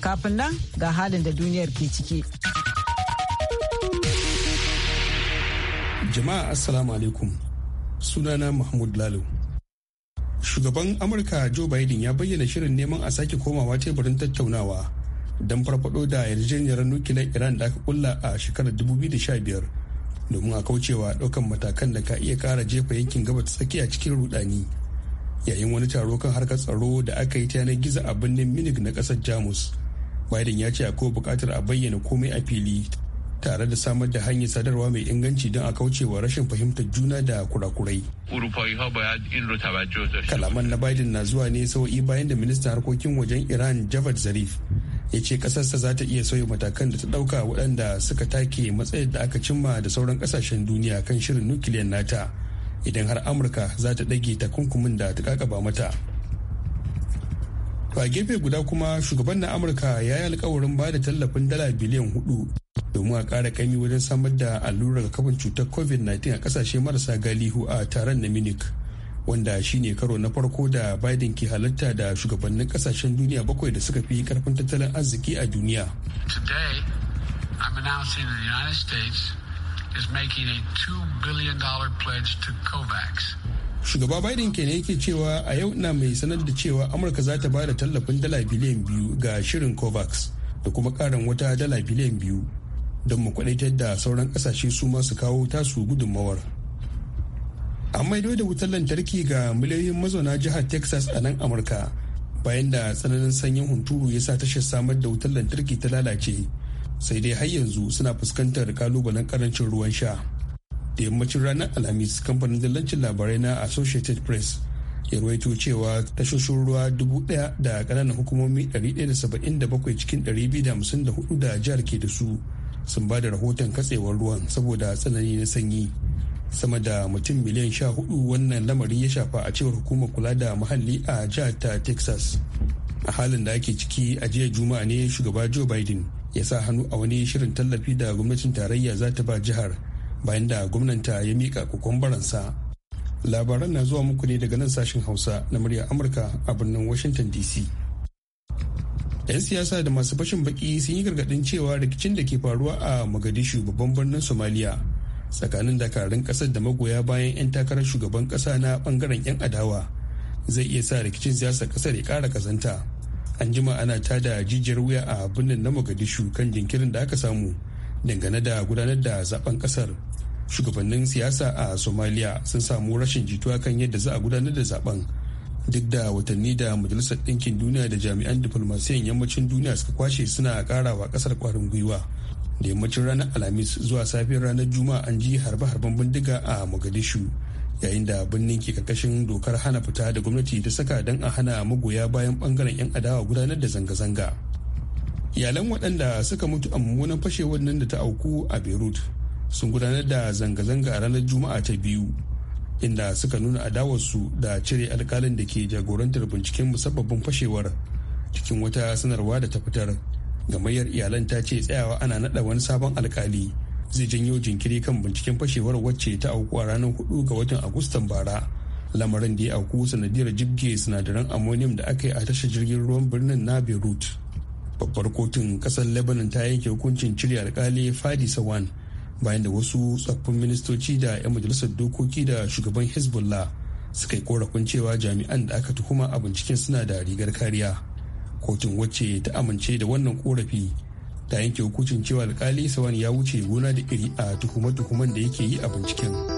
Kafin nan ga halin da duniyar ke ciki. Jama'a Assalamu alaikum. Sunana Mahmud Lalo. Shugaban Amurka Joe Biden ya bayyana shirin neman a sake komawa teburin tattaunawa don farfado da yarjejeniyar nukilar Iran da aka kulla a shekarar 2015 domin a kaucewa daukan matakan da ka iya kara jefa yankin gaba ta tsakiya cikin rudani. Yayin wani taro kan harkar tsaro da aka yi ta yanar gizo a birnin Munich na kasar Jamus. biden ya ce akwai buƙatar a bayyana komai a fili tare da samar da hanyar sadarwa mai inganci don a kaucewa rashin fahimtar juna da kurakurai. Kalaman na Biden na zuwa ne sau'i bayan da ministan harkokin wajen Iran Javad Zarif ya ce kasarsa za ta iya sauya matakan da ta ɗauka waɗanda suka take matsayin da aka cimma da sauran ƙasashen duniya kan shirin nukiliyan nata idan har Amurka za ta ɗage takunkumin da ta kakaba mata. a gefe guda kuma shugaban na Amurka ya yi alkawarin ba da tallafin dala biliyan hudu domin a kara ƙami wajen samar da allurar kafin cutar COVID-19 a kasashe marasa galihu a taron na Munich. Wanda shine karo na farko da Biden ke halatta da shugabannin kasashen duniya bakwai da suka fi karfin tattalin arziki a duniya. is making a $2 billion pledge to COVAX. shugaba biden ke ne yake cewa a yau na mai sanar da cewa amurka za ta bada tallafin dala biliyan biyu ga shirin covax da kuma karin wata dala biliyan biyu don mu kwadaitar da sauran kasashe su masu kawo tasu gudunmawar an maido da wutar lantarki ga miliyoyin mazauna jihar texas a nan amurka bayan da tsananin sanyin hunturu ya sa tashar samar da wutar lantarki ta lalace sai dai har yanzu suna fuskantar kalubalen karancin ruwan sha da yammacin ranar alhamis kamfanin dillancin labarai na associated press ya ruwaito cewa tashoshin ruwa dubu daya da kananan hukumomi 177 cikin 254 da jihar ke da su sun ba da rahoton katsewar ruwan saboda tsanani na sanyi sama da mutum miliyan sha hudu wannan lamari ya shafa a cewar hukumar kula da muhalli a jihar ta texas a halin da ake ciki a jiya juma'a ne shugaba joe biden ya sa hannu a wani shirin tallafi da gwamnatin tarayya za ta ba jihar bayan da gwamnanta ya mika kokonbaransa labaran na zuwa muku ne daga nan sashen hausa na murya amurka a birnin washington dc 'yan siyasa da masu fashin baki sun yi gargadin cewa rikicin da ke faruwa a magadishu babban birnin somaliya tsakanin dakarun kasar da magoya bayan 'yan takarar shugaban kasa na bangaren 'yan adawa zai iya sa rikicin siyasar kasar ya kara kazanta an jima ana tada jijiyar wuya a birnin na magadishu kan jinkirin da aka samu dangane da gudanar da zaben ƙasar. shugabannin siyasa a somalia sun samu rashin jituwa kan yadda za a gudanar da zaben duk da watanni da majalisar ɗinkin duniya da jami'an diflomasiyan yammacin duniya suka kwashe suna ƙara wa ƙasar ƙwarin gwiwa da yammacin ranar alhamis zuwa safiyar ranar juma'a an ji harbe-harben bindiga a mogadishu yayin da birnin ke karkashin dokar hana fita da gwamnati ta saka don a hana magoya bayan bangaren 'yan adawa gudanar da zanga-zanga iyalan waɗanda suka mutu a mummunan fashewar nan da ta auku a beirut sun gudanar da zanga-zanga a ranar juma'a ta biyu inda suka nuna adawarsu da cire alkalin da ke jagorantar binciken musabbabin fashewar cikin wata sanarwa da ta fitar gamayyar iyalan ta ce tsayawa ana naɗa wani sabon alkali zai janyo jinkiri kan binciken fashewar wacce ta auku a ranar hudu ga watan agustan bara lamarin da ya auku sanadiyar jibge sinadaran ammonium da aka yi a tashar jirgin ruwan birnin na beirut babbar kotun kasar lebanon ta yanke hukuncin cire alkali fadi sawan bayan da wasu tsoffin ministoci da 'yan majalisar dokoki da shugaban hezbollah suka yi korafin cewa jami'an da aka tuhuma a binciken suna da rigar kariya kotun wacce ta amince da wannan korafi ta yanke hukuncin cewa alkali sawan ya wuce gona da iri a tuhume-tuhumen da yake yi a binciken.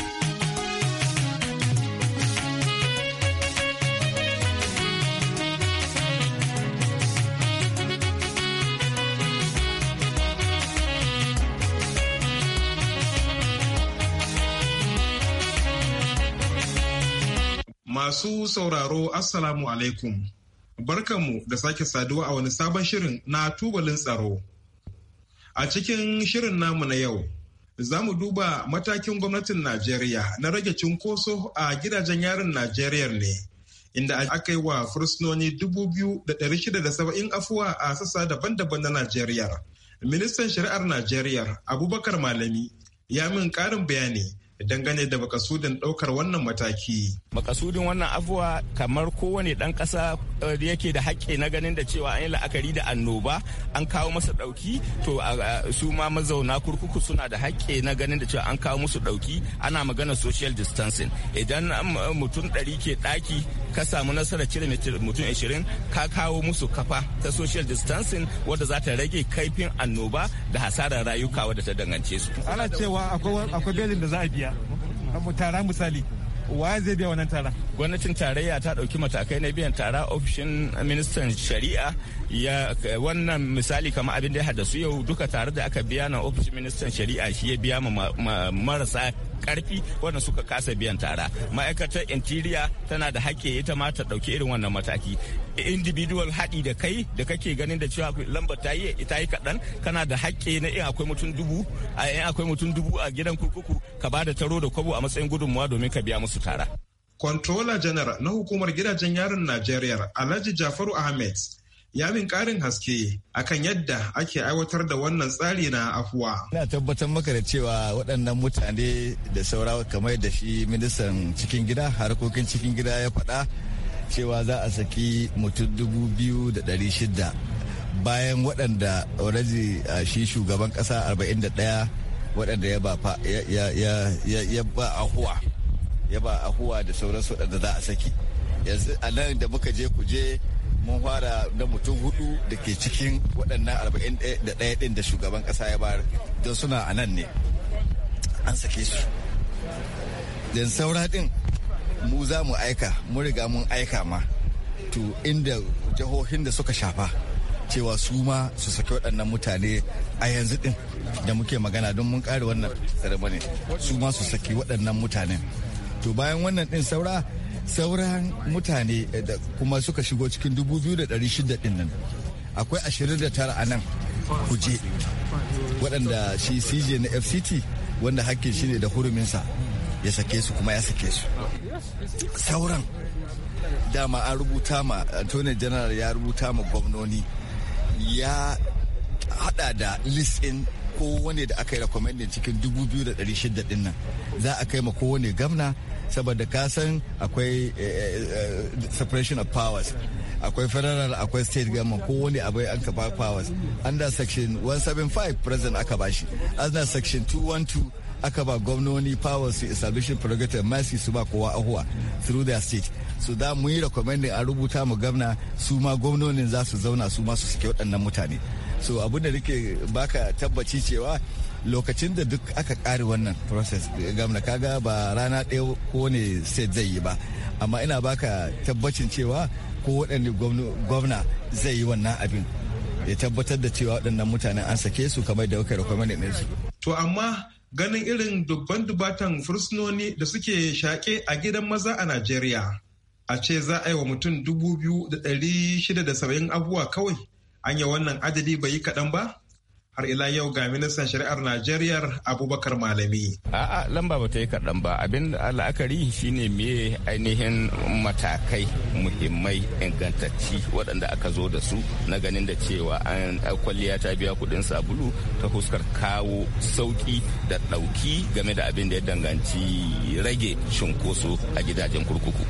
Masu sauraro Assalamu alaikum. Barkanmu da sake saduwa a wani sabon shirin na tubalin tsaro. A cikin shirin namu na yau, za mu duba matakin gwamnatin Najeriya na rage cunkoso a gidajen yarin Najeriya ne, inda aka yi wa fursunoni 2,670 afuwa a sassa daban-daban na Najeriya. Ministan Shari'ar Najeriya, Abubakar Malami, ya min ƙarin bayani dangane da makasudin ɗaukar wannan mataki. Makasudin wannan afuwa kamar kowane ɗan ƙasa eh, yake da haƙƙi na ganin da cewa an yi la'akari da annoba an kawo masa ɗauki to su ma mazauna kurkuku suna da haƙƙi na ganin da cewa an kawo musu ɗauki ana magana social distancing idan um, um, mutum ɗari ke ɗaki ka samu nasarar cire mutum ashirin ka kawo musu kafa ta social distancing wadda za ta rage kaifin annoba da hasarar rayuka wadda ta dangance su. Ana cewa akwai belin da za a biya tara misali wa zai biya wannan tara gwamnatin tarayya ta ɗauki matakai na biyan tara ofishin ministan shari'a ya wannan misali kamar abin da ya haddasu yau duka tare da aka biya na ofishin ministan shari'a shi ya biya marasa karfi wanda suka kasa biyan tara ma'aikatar interior tana da hakke ita ma ta ɗauki irin wannan mataki individual haɗi da kai da kake ganin da cewa lambar ta yi ita yi kaɗan kana da hakke na in akwai mutum dubu a in akwai mutum dubu a gidan kurkuku ka ba da taro da kwabo a matsayin gudunmuwa domin ka biya musu tara. Controller General na hukumar gidajen yaron Najeriya Alhaji Jafaru Ahmed ya min karin haske akan yadda ake aiwatar da wannan tsari na afuwa. Ina tabbatar maka da cewa waɗannan mutane da saura kamar da shi ministan cikin gida harkokin cikin gida ya faɗa cewa za a saki mutum dubu biyu da ɗari shida bayan waɗanda oraji shi shugaban ƙasa arba'in da ɗaya waɗanda ya ba ahuwa ya ba ahuwa da sauransu waɗanda za a saki yanzu a nan da muka je kuje mun fara da mutum hudu da ke cikin waɗannan arba'in da ɗaya ɗin da shugaban ƙasa ya bayar don suna a nan ne an sake su don saura ɗin mu za mu aika mu riga mun aika ma to inda jihohin da suka shafa cewa su ma su saki waɗannan mutane a yanzu ɗin da muke magana don mun ƙare wannan su ma su saki waɗannan mutanen to bayan wannan ɗin saura sauran mutane eh, da kuma suka shigo cikin 2,600 din nan akwai 29 a nan kuje waɗanda shi cj na fct wanda hakkin shi ne da huruminsa ya sake su kuma ya sake su sauran dama an rubuta ma attorney general ya rubuta ma gwamnoni ya hada da list kowane da aka yi rekomendin cikin 2,600 din nan za a kai ma kowane gamna saboda ka san akwai eh, eh, eh, separation of powers akwai federal akwai state government kowane abai an ka powers under section 175 president aka bashi under section 212 aka ba gwamnoni powers to establish prerogative mercy su ba kowa ahuwa through their state so da mu yi recommending a rubuta mu gwamna su ma gwamnonin za su zauna su ma su suke waɗannan mutane so abin da nake baka tabbaci cewa lokacin da duk aka kare wannan process gamna kaga ba rana ɗaya ko ne sai zai yi ba amma ina baka tabbacin cewa ko waɗanne gwamna zai yi wannan abin ya tabbatar da cewa waɗannan mutanen an sake su kamar da kuka recommend ne su to amma ganin irin dubban dubatan fursunoni da suke shaƙe a gidan maza a Najeriya a ce za a yi wa mutum dubu biyu da ɗari shida da saba'in abubuwa kawai an yi wannan adadi bai yi kaɗan ba? har ila yau ga ministan shari'ar Najeriya Abubakar Malami. A'a lamba ba ta yi kaɗan ba abin la'akari shine me ainihin matakai muhimmai ingantacci waɗanda aka zo da su na ganin da cewa an kwalliya ta biya kuɗin sabulu ta huskar kawo sauƙi da ɗauki game da abin da ya danganci rage cunkoso a gidajen kurkuku.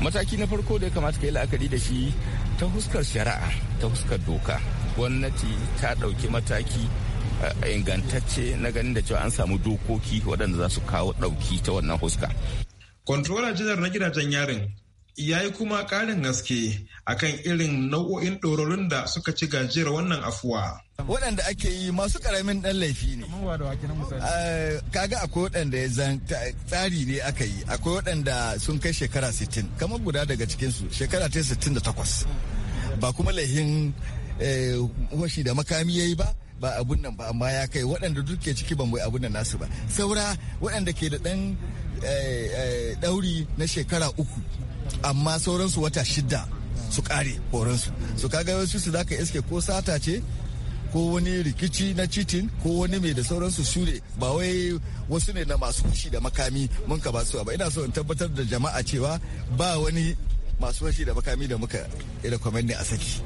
mataki na farko da ya kamata ka yi la'akari da shi ta huskar shari'a ta huskar doka gwamnati ta ɗauki mataki eh, ingantacce na ganin da cewa an samu dokoki waɗanda za su kawo ɗauki ta wannan huska. Kontrola janar na gidajen yarin ya yi kuma karin gaske akan irin nau'o'in ɗororin da suka ci gajiyar wannan afuwa. waɗanda ake yi masu ƙaramin ɗan laifi ne eh, kaga akwai waɗanda ya zan tsari ne aka yi akwai waɗanda sun kai shekara 60 kamar guda daga cikinsu shekara ta 68 ba kuma laifin eh, washi da makami ya yi ba ba abun nan ba amma ya kai waɗanda duk ke ciki ban bai abun nan nasu ba saura waɗanda ke da ɗan eh, ɗauri na shekara uku amma sauransu wata shida su kare horonsu su kaga wasu su zaka iske ko sata ce ko wani rikici na citin ko wani mai da sauransu su ne ba wai wasu ne na masu fushi da makami mun ka ba su ba ina so in tabbatar da jama'a cewa ba wani masu fushi da makami da muka ira kwamenni a saki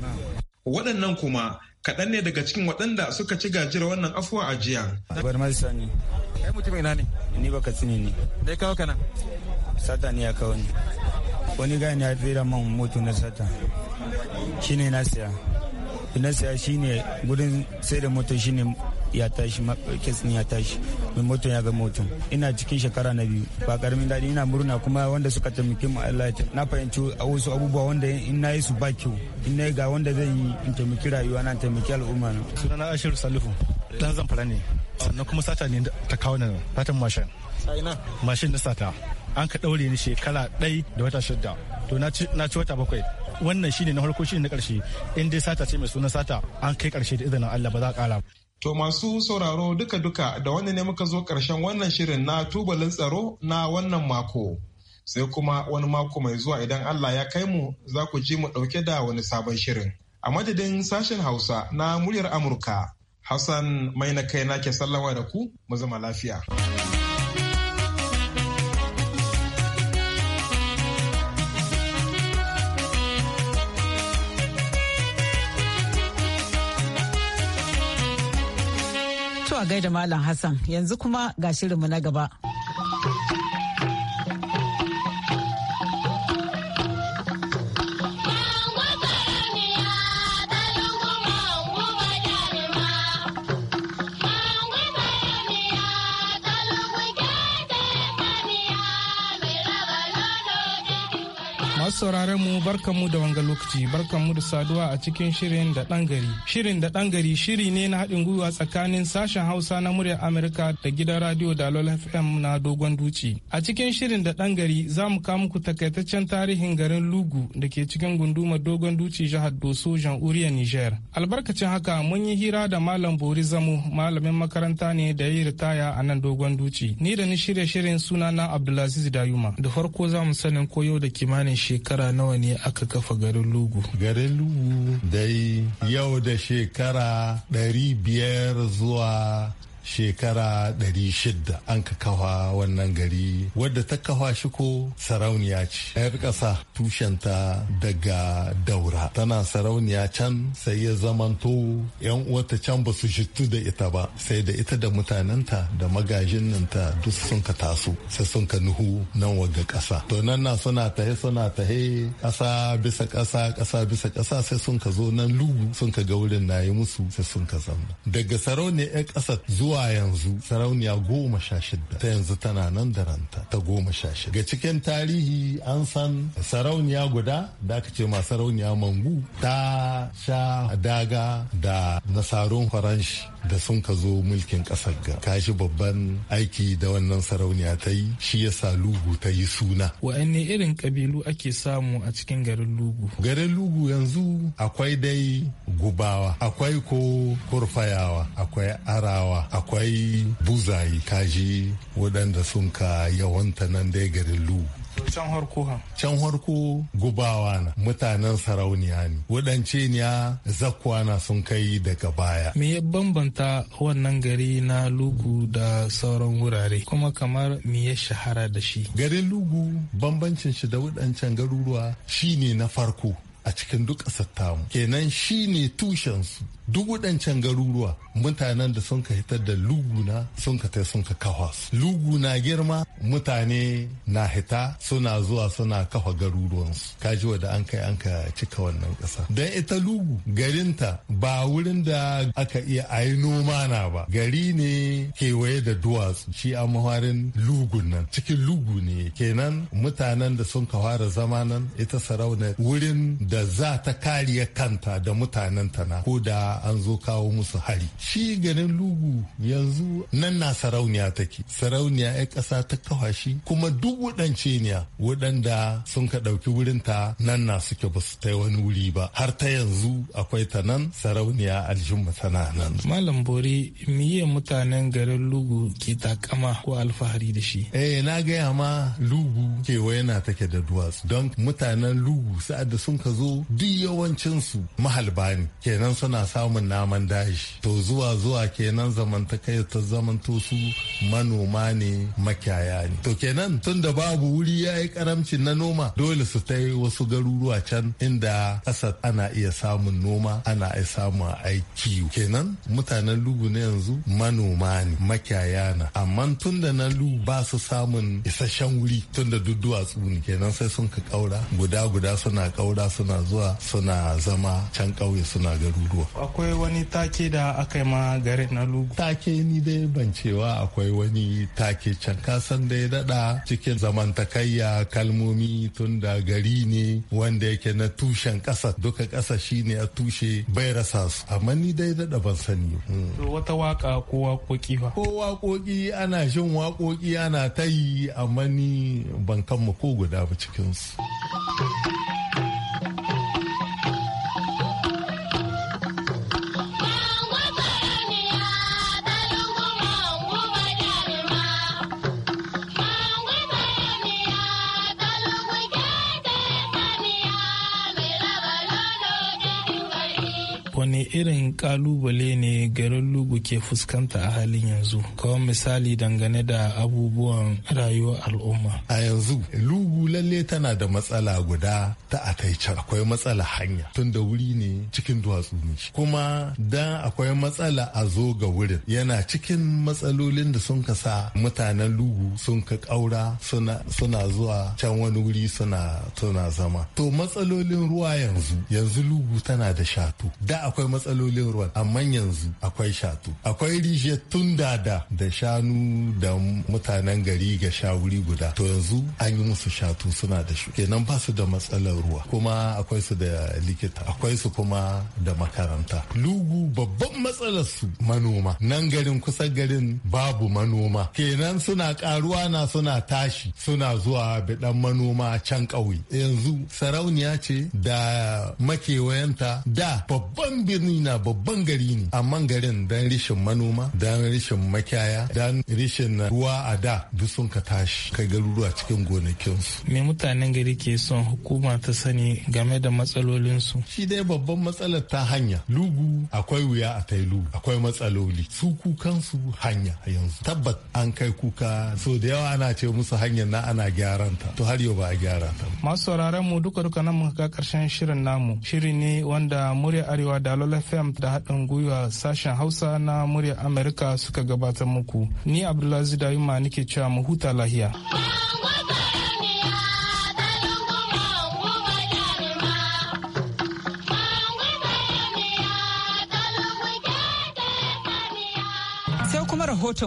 waɗannan kuma kaɗan ne daga cikin waɗanda suka ci gajiyar wannan afuwa a jiya. Bar ma sani. Kai mutum ina ne? Ni ba ka tsini ne. Dai kawo kana? Sata ni ya kawo ni. wani gani ya fera man moto na sata shine na siya na siya shine gudun sai da moto shi ne ya tashi kesin ya tashi mai moto ya ga moto ina cikin shekara na biyu ba karamin daɗi ina murna kuma wanda suka taimake mu Allah ya na fahimci a wasu abubuwa wanda in na yi su ba kyau in na yi ga wanda zan yi in taimaki rayuwa na taimaki al'umma na sunana Ashiru Salifu dan zamfara ne sannan kuma sata ne ta kawo nan fatan mashin mashin na sata an ka ɗaure ni shekara ɗai da wata shidda to na ci wata bakwai wannan shine na farko shine na ƙarshe in dai sata ce mai sunan sata an kai ƙarshe da izinin Allah ba za a ƙara. To masu sauraro duka-duka da wani ne muka zo ƙarshen wannan shirin na tubalin tsaro na wannan mako. Sai kuma wani mako mai zuwa idan Allah ya kai mu za ku ji mu ɗauke da wani sabon shirin. A madadin sashen Hausa na muryar Amurka, Hassan mai na kai na ke sallama da ku mu zama lafiya. zuwa gaida Malam Hassan yanzu kuma ga shirinmu na gaba. sauraron mu barkanmu da wanga lokaci barkanmu da saduwa a cikin shirin da dan gari. Shirin da dan gari shiri ne na haɗin gwiwa tsakanin sashen Hausa na muryar Amurka da gidan radio lol FM na Dogon Duci. A cikin shirin da dan gari za mu kawo muku takaitaccen tarihin garin Lugu da ke cikin gundumar Dogon Duci jihar Doso Jan Uriya Niger. Albarkacin haka mun yi hira da Malam Bori Zamu malamin makaranta ne da ya ritaya a nan Dogon Duci. Ni da ni shirya shirin sunana Abdulaziz Dayuma. Da farko za mu sanin koyo da kimanin shekara nawa ne aka kafa garin lugu garin lugu dai yau da shekara 500 zuwa shekara 600 an ka kawa wannan gari wadda ta kawa shi ko sarauniya ce yar ƙasa tushenta daga daura tana sarauniya can sai ya zamanto yan uwata can ba su shittu da ita ba sai da ita da mutanenta da magajin nanta duk sun ka taso sai sun ka nuhu nan waga ƙasa to nan na suna tahe suna tahe ƙasa bisa ƙasa ƙasa bisa ƙasa sai sun ka zo nan lugu sun ka ga wurin na yi musu sai sun ka zama daga sarauniya 'yan ƙasa zuwa zuwa yanzu sarauniya goma sha shida ta yanzu tana nan da ranta ta goma sha shida ga cikin tarihi an san sarauniya guda da aka ce ma sarauniya mangu ta sha daga da nasarun faranshi da sun ka zo mulkin ƙasar ga kashi babban aiki da wannan sarauniya ta yi shi ya sa lugu ta yi suna wa'anne irin ƙabilu ake samu a cikin garin lugu garin lugu yanzu akwai dai gubawa akwai ko kurfayawa akwai arawa akwai buzayi kaji waɗanda sun ka yawanta nan dai garin lu can harko ha can harko gubawa na mutanen sarauniya ne waɗance ne zakwa na sun kai daga baya me ya bambanta wannan gari na lugu da sauran wurare kuma kamar me ya shahara da shi garin lugu bambancin shi da waɗancan garuruwa shine na farko a cikin duk ƙasar tamu kenan shine tushensu duk waɗancan garuruwa mutanen da sun ka hitar da luguna sun ka tai sun ka kafa su lugu na girma mutane na hita suna zuwa suna kafa garuruwansu kaji da an kai an ka cika wannan kasa don ita lugu garinta ba wurin da aka iya ayi noma na ba gari ne kewaye da duwatsu shi a maharin lugun nan cikin lugu ne kenan mutanen da sun ka fara zama nan ita sarauna wurin da za ta kariya kanta da mutanen ta na ko da an zo kawo musu hari shi garin lugu yanzu nan na sarauniya take sarauniya ya ƙasa ta kawashi. kuma duk waɗance niya waɗanda sun ka ɗauki wurin ta nan na suke ba su ta wani wuri ba har ta yanzu akwai ta nan sarauniya aljumma tana nan malam bori miye mutanen garin lugu ke takama ko alfahari da shi eh na gaya ma lugu kewaye na take da duwatsu don mutanen lugu sa'ad da sun ka zo duk yawancinsu mahalba ne kenan suna sa samun naman daji to zuwa zuwa kenan ya ta zamanto su manoma ne makiyaya ne to kenan tun da babu wuri ya yi karamci na noma dole su ta wasu garuruwa can inda ƙasa ana iya samun noma ana iya samun aiki kenan mutanen lugu na yanzu manoma ne makiyaya na amma tun da na lugu ba su samun isasshen wuri tun da duk duwatsu ne kenan sai sun ka kaura guda guda suna kaura suna zuwa suna zama can kauye suna garuruwa akwai wani take da aka yi ma garin na lugu take ni dai ban cewa akwai wani take can kasan da ya dada cikin zamantakayya kalmomi tun da gari ne wanda yake na tushen kasa duka kasa shine a tushe bai rasa su amma ni dai dada ban sani hmm. wata waka ko wakoki ba ko wakoki ana jin wakoki ana ta yi amma ni ban kan ko guda ba cikin su. irin kalubale ne garin lugu ke fuskanta a halin yanzu kawai misali dangane da abubuwan rayuwar al'umma a yanzu lugu lalle tana da matsala guda ta ataicar akwai matsala hanya tun da wuri ne cikin duwatsu ne kuma da akwai matsala a zo ga wurin yana cikin matsalolin da sun ka sa mutanen lugu sun ka kaura suna zuwa can wani wuri suna zama to matsalolin ruwa yanzu yanzu lugu tana da shato da akwai matsala matsalolin ruwan amma yanzu akwai shatu akwai rishiyar tun dada da shanu da mutanen gari ga shawuri guda to yanzu an yi musu shatu suna da shi kenan ba su da matsalar ruwa kuma akwai su da likita akwai su kuma da makaranta lugu babban matsalar su manoma nan garin kusa garin babu manoma kenan suna karuwa na suna tashi suna zuwa bidan manoma can ƙauye yanzu sarauniya ce da makewayanta da babban birni sani na babban gari ne amma garin dan rishin manoma dan rishin makiyaya dan rishin ruwa a da duk sun ka tashi kai garuruwa cikin gonakinsu me mutanen gari ke son hukuma ta sani game da matsalolinsu shi dai babban matsalar ta hanya lugu akwai wuya a tai lugu akwai matsaloli su kukansu hanya yanzu tabbat an kai kuka so da yawa ana ce musu hanyar na ana gyaran ta to har yau ba a gyara ta masu sauraron mu duka duka nan muka ga karshen shirin namu shiri ne wanda murya arewa da lola fm da haɗin gwiwa sashen hausa na muryar amurka suka gabatar muku ni abdulaziz dayuma nake cewa mu huta lahiya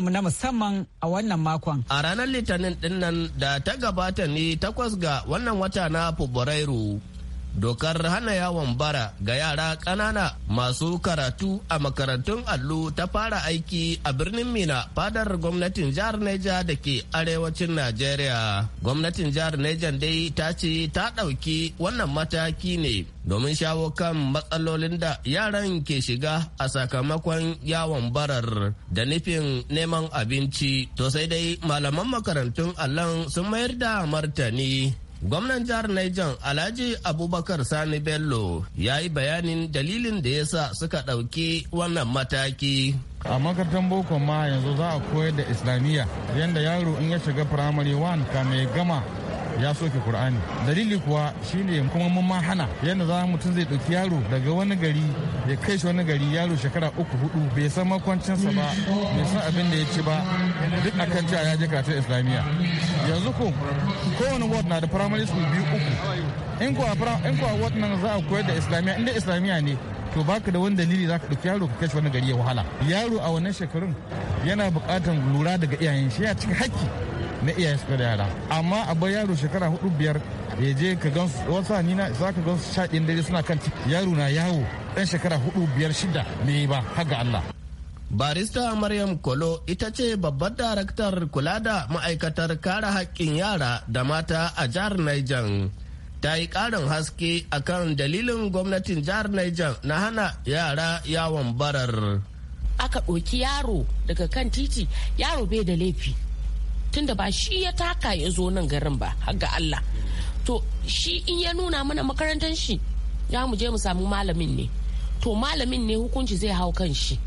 mu na musamman a wannan makon. A ranar Litinin dinnan da ta gabata ne takwas ga wannan wata na Fabrairu. dokar hana yawon bara ga yara ƙanana masu karatu a makarantun allo ta fara aiki a birnin mina fadar gwamnatin jihar neja da ke arewacin najeriya gwamnatin jihar neja dai ta ce ta ɗauki wannan mataki ne domin shawo kan matsalolin da yaran ke shiga a sakamakon yawon barar da nufin neman abinci to sai dai malaman makarantun allon sun mayar da martani Gwamnan jihar Niger Alhaji Abubakar Sani Bello ya yi bayanin dalilin da ya sa suka ɗauki wannan mataki. a makarantar boko ma yanzu za a koyar da islamiyya yadda yaro in ya shiga firamare 1 ka mai gama ya soke Kur'ani. Dalili kuwa shine kuma mun ma hana yadda za mutum zai ɗauki yaro daga wani gari ya kai shi wani gari yaro shekara uku hudu bai san makwancinsa ba bai san abin da ya ci ba duk akan cewa ya je karatun islamiyya yanzu ko kowane ward na da primary school biyu uku in kuwa in kuwa ward nan za a koyar da islamiyya inda islamiyya ne to baka da wani dalili za ka ɗauki yaro ka kai shi wani gari ya wahala yaro a wannan shekarun yana bukatan lura daga iyayen shi ya cika haƙƙi na iya su da yara amma a bar yaro shekara hudu biyar ya je ka gan wasu ni na za ka gan su sha dare suna kan yaro na yawo dan shekara hudu biyar shida me ba haga Allah Barista Maryam Kolo ita ce babbar daraktar kula da ma'aikatar kare haƙƙin yara da mata a jihar Niger. Ta yi ƙarin haske akan dalilin gwamnatin jihar Niger na hana yara yawon barar. Aka ɗoki yaro daga kan titi, yaro bai da laifi. tunda ba shi ya taka ya zo nan garin ba har ga Allah to shi in ya nuna mana makarantar shi ya mu je mu samu malamin ne to malamin ne hukunci zai hau kan shi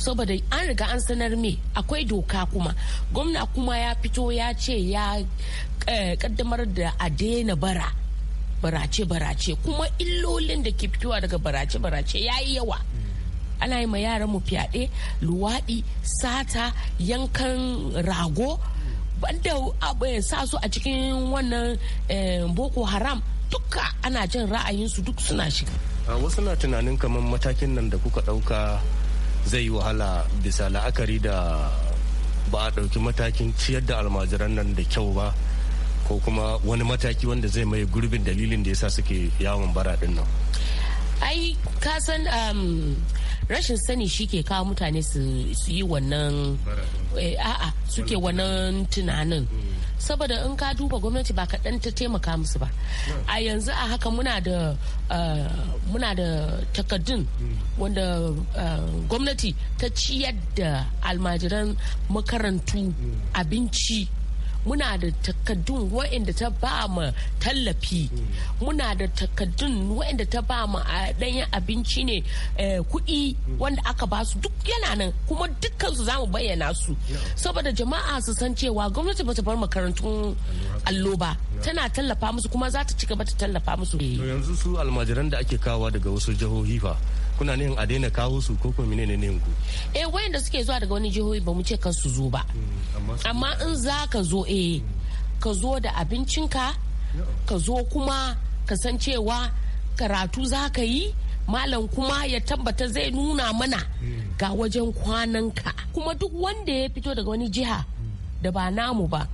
saboda an riga an sanar me akwai doka kuma gwamna kuma ya fito ya ce ya eh, kaddamar da a daina bara barace barace kuma illolin da ke fitowa daga barace barace ya yi yawa ana yi ma yaran mu fyaɗe luwaɗi sata yankan rago banda eh, sa su a cikin wannan eh, boko haram duka ana jin ra'ayinsu duk suna shiga wasu na tunanin kamar matakin nan da kuka ɗauka zai yi wahala bisa la'akari da ba a ɗauki matakin ciyar da almajiran nan da kyau ba ko kuma wani mataki wanda zai mai gurbin dalilin da yasa suke yawon bara ɗin nan ai ka san um, rashin sani shi ke kawo mutane su yi wannan eh, a'a suke wannan tunanin saboda in ka duba gwamnati ba kaɗan ta taimaka musu ba a yanzu a haka muna da eh, muna da takardun wanda eh, gwamnati ta ciyar da almajiran makarantu abinci muna da takaddun wa'inda ta ba mu tallafi muna da takaddun wa'inda ta ba mu ma ɗanyen abinci ne eh, kuɗi wanda aka ba su duk yana nan kuma dukkansu za mu bayyana su saboda jama'a su san cewa gwamnati ba ta bar makarantun allo ba tana tallafa musu kuma za ta ci gaba ta tallafa musu. to yanzu su almajiran da ake kawo daga wasu jihohi fa kuna ne a daina kawo su ko kuma menene ne ku eh wayanda suke zuwa daga wani jihohi ba mu ce kan su zo ba mm, amma in za ka zo eh ka zo da abincin ka zo kuma ka san cewa karatu za ka yi malam kuma ya tabbata zai nuna mana mm. ga wajen kwanan ka. kuma duk wanda ya fito daga wani jiha da ba namu ba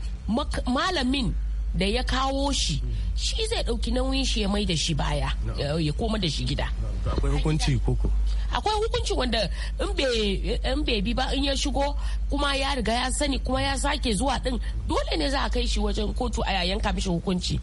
malamin da ya kawo shi mm. shi zai ɗauki nauyin shi ya mai da shi baya ya koma da shi gida akwai hukunci koko akwai hukunci wanda in bai bi ba in ya shigo kuma ya riga ya sani kuma ya sake zuwa din dole ne za a kai shi wajen kotu a yayin ka mishi hukunci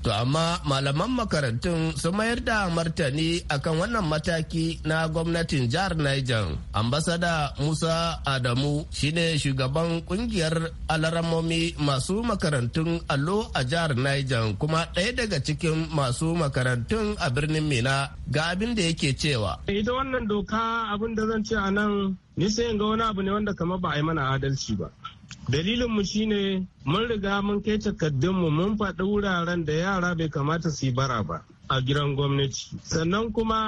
To amma malaman makarantun sun mayar da martani akan wannan mataki na gwamnatin jihar Niger. Ambasada Musa Adamu shine shugaban kungiyar alaramomi masu makarantun allo a jihar Niger kuma ɗaya daga cikin masu makarantun a birnin Mina ga abin da yake cewa. Ita wannan doka abin da zan ce a nan in ga wani abu ne wanda kamar ba a yi mana adalci ba. Dalilinmu shine mun riga mun kai takaddunmu mun faɗi wuraren da yara bai kamata su yi bara ba a gidan gwamnati. Sannan kuma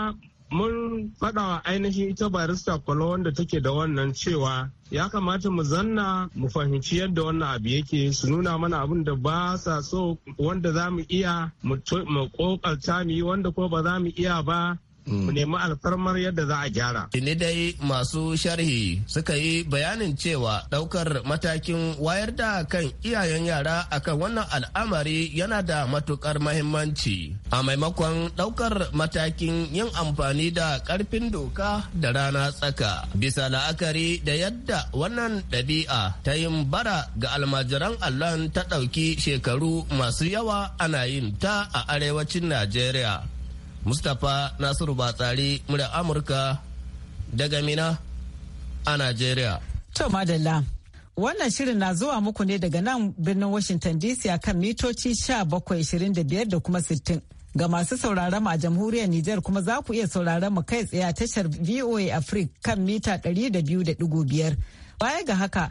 mun faɗawa ainihin ita barista kwallo wanda take da wannan cewa ya kamata mu zanna mu fahimci yadda wannan abu yake su nuna mana abin da ba sa so wanda za mu iya mu kokarta mu yi wanda ko ba za mu iya ba ku mm. nemi alfarmar yadda za a gyara. Tuni dai masu sharhi suka yi bayanin cewa ɗaukar matakin wayar da kan iyayen yara akan wannan al'amari yana da matukar mahimmanci. A maimakon ɗaukar matakin yin amfani da ƙarfin doka da rana tsaka. Bisa la'akari da yadda wannan ɗabi'a ta yin bara ga almajiran allon ta ɗauki shekaru masu yawa ana yin ta a arewacin Najeriya. mustapha nasiru batsari murya amurka daga mina a nigeria to madalla wannan shirin na zuwa muku ne daga nan birnin washington dc a kan mitoci 1725 da kuma 60 ga masu sauraron a jamhuriyar niger kuma za ku iya sauraron mu kai tsaye tashar voa africa kan mita 200.5 baya ga haka